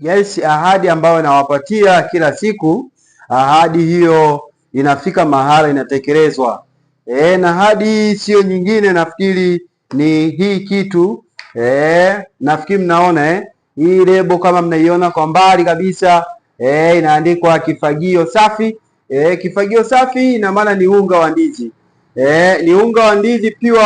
yes, ahadi ambayo nawapatia kila siku, ahadi hiyo inafika mahala inatekelezwa. E, na ahadi sio nyingine, nafikiri ni hii kitu e, nafikiri mnaona eh? Hii lebo kama mnaiona kwa mbali kabisa e, inaandikwa kifagio safi e, kifagio safi ina maana ni unga wa ndizi e, ni unga wa ndizi pure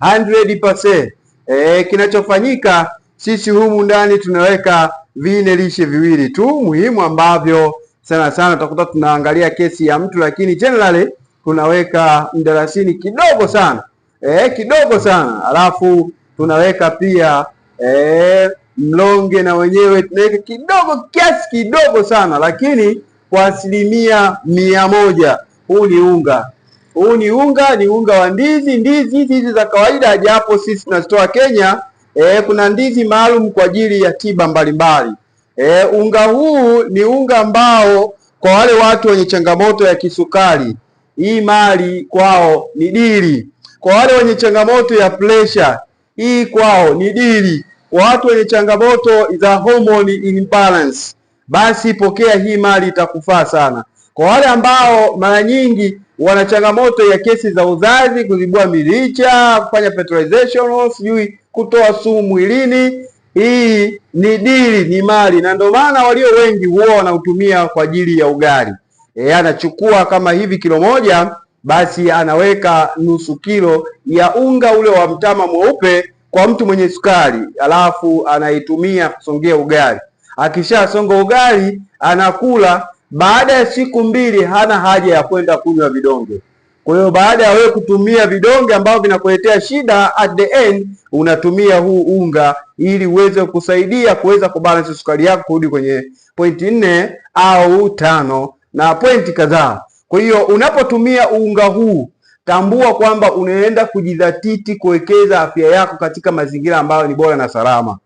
100%. E, kinachofanyika sisi humu ndani tunaweka vine lishe viwili tu muhimu ambavyo sana sana utakuta tunaangalia kesi ya mtu, lakini generally tunaweka mdalasini kidogo sana e, kidogo sana alafu tunaweka pia e, mlonge na wenyewe tunaweka kidogo, kiasi kidogo sana, lakini kwa asilimia mia moja. Huu ni unga, huu ni unga, ni unga wa ndizi, ndizi hizi za kawaida, japo sisi tunazitoa Kenya E, kuna ndizi maalum kwa ajili ya tiba mbalimbali. E, unga huu ni unga ambao kwa wale watu wenye changamoto ya kisukari hii mali kwao ni dili. Kwa wale wenye changamoto ya pressure, hii kwao ni dili. Kwa watu wenye changamoto za hormone imbalance, basi pokea hii mali itakufaa sana. Kwa wale ambao mara nyingi wana changamoto ya kesi za uzazi, kuzibua milicha, kufanya petrolization, sijui kutoa sumu mwilini. Hii ni dili, ni mali, na ndio maana walio wengi huwa wanautumia kwa ajili ya ugali. E, anachukua kama hivi kilo moja, basi anaweka nusu kilo ya unga ule wa mtama mweupe kwa mtu mwenye sukari, alafu anaitumia kusongea ugali. Akishasonga ugali anakula baada ya siku mbili hana haja ya kwenda kunywa vidonge. Kwa hiyo baada ya wewe kutumia vidonge ambavyo vinakuletea shida, at the end unatumia huu unga ili uweze kusaidia kuweza kubalance sukari yako kurudi kwenye pointi nne au tano na pointi kadhaa. Kwa hiyo unapotumia unga huu tambua kwamba unaenda kujidhatiti kuwekeza afya yako katika mazingira ambayo ni bora na salama.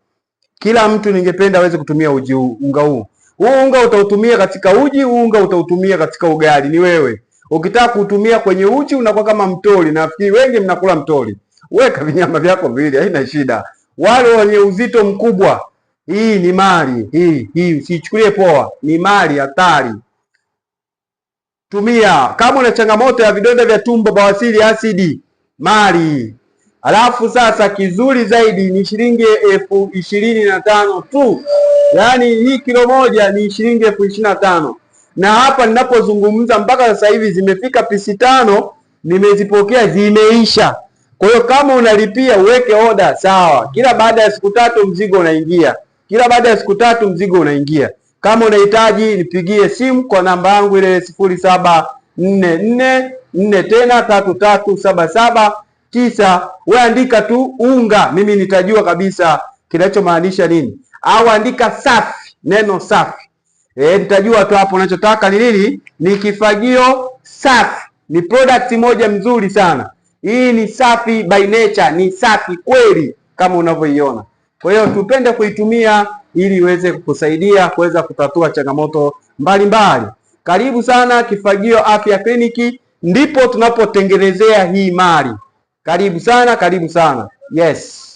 Kila mtu ningependa aweze kutumia uji unga huu. Huu unga utautumia katika uji, huu unga utautumia katika ugali, ni wewe. Ukitaka kuutumia kwenye uji unakuwa kama mtori, na nafikiri wengi mnakula mtori. Weka vinyama vyako viwili, haina shida. Wale wenye uzito mkubwa, hii ni mali hii hii, usichukulie poa, ni mali hatari. Tumia kama una changamoto ya vidonda vya tumbo, bawasiri, asidi, mali. Alafu sasa, kizuri zaidi ni shilingi elfu ishirini na tano tu yaani hii kilo moja ni shilingi elfu ishirini na tano na hapa ninapozungumza mpaka sasa hivi zimefika pisi tano, nimezipokea zimeisha. Kwa hiyo kama unalipia uweke oda sawa, kila baada ya siku tatu mzigo unaingia, kila baada ya siku tatu mzigo unaingia. Kama unahitaji nipigie simu kwa namba yangu ile sifuri saba nne nne nne tena tatu tatu saba saba tisa. Weandika tu unga, mimi nitajua kabisa kinachomaanisha nini au andika safi, neno safi e, nitajua tu hapo unachotaka ni nini. Ni kifagio safi, ni product moja mzuri sana. Hii ni safi by nature, ni safi kweli kama unavyoiona. Kwa hiyo tupende kuitumia ili iweze kukusaidia kuweza kutatua changamoto mbalimbali mbali. Karibu sana Kifagio Afya Kliniki, ndipo tunapotengenezea hii mali. Karibu sana, karibu sana. Yes.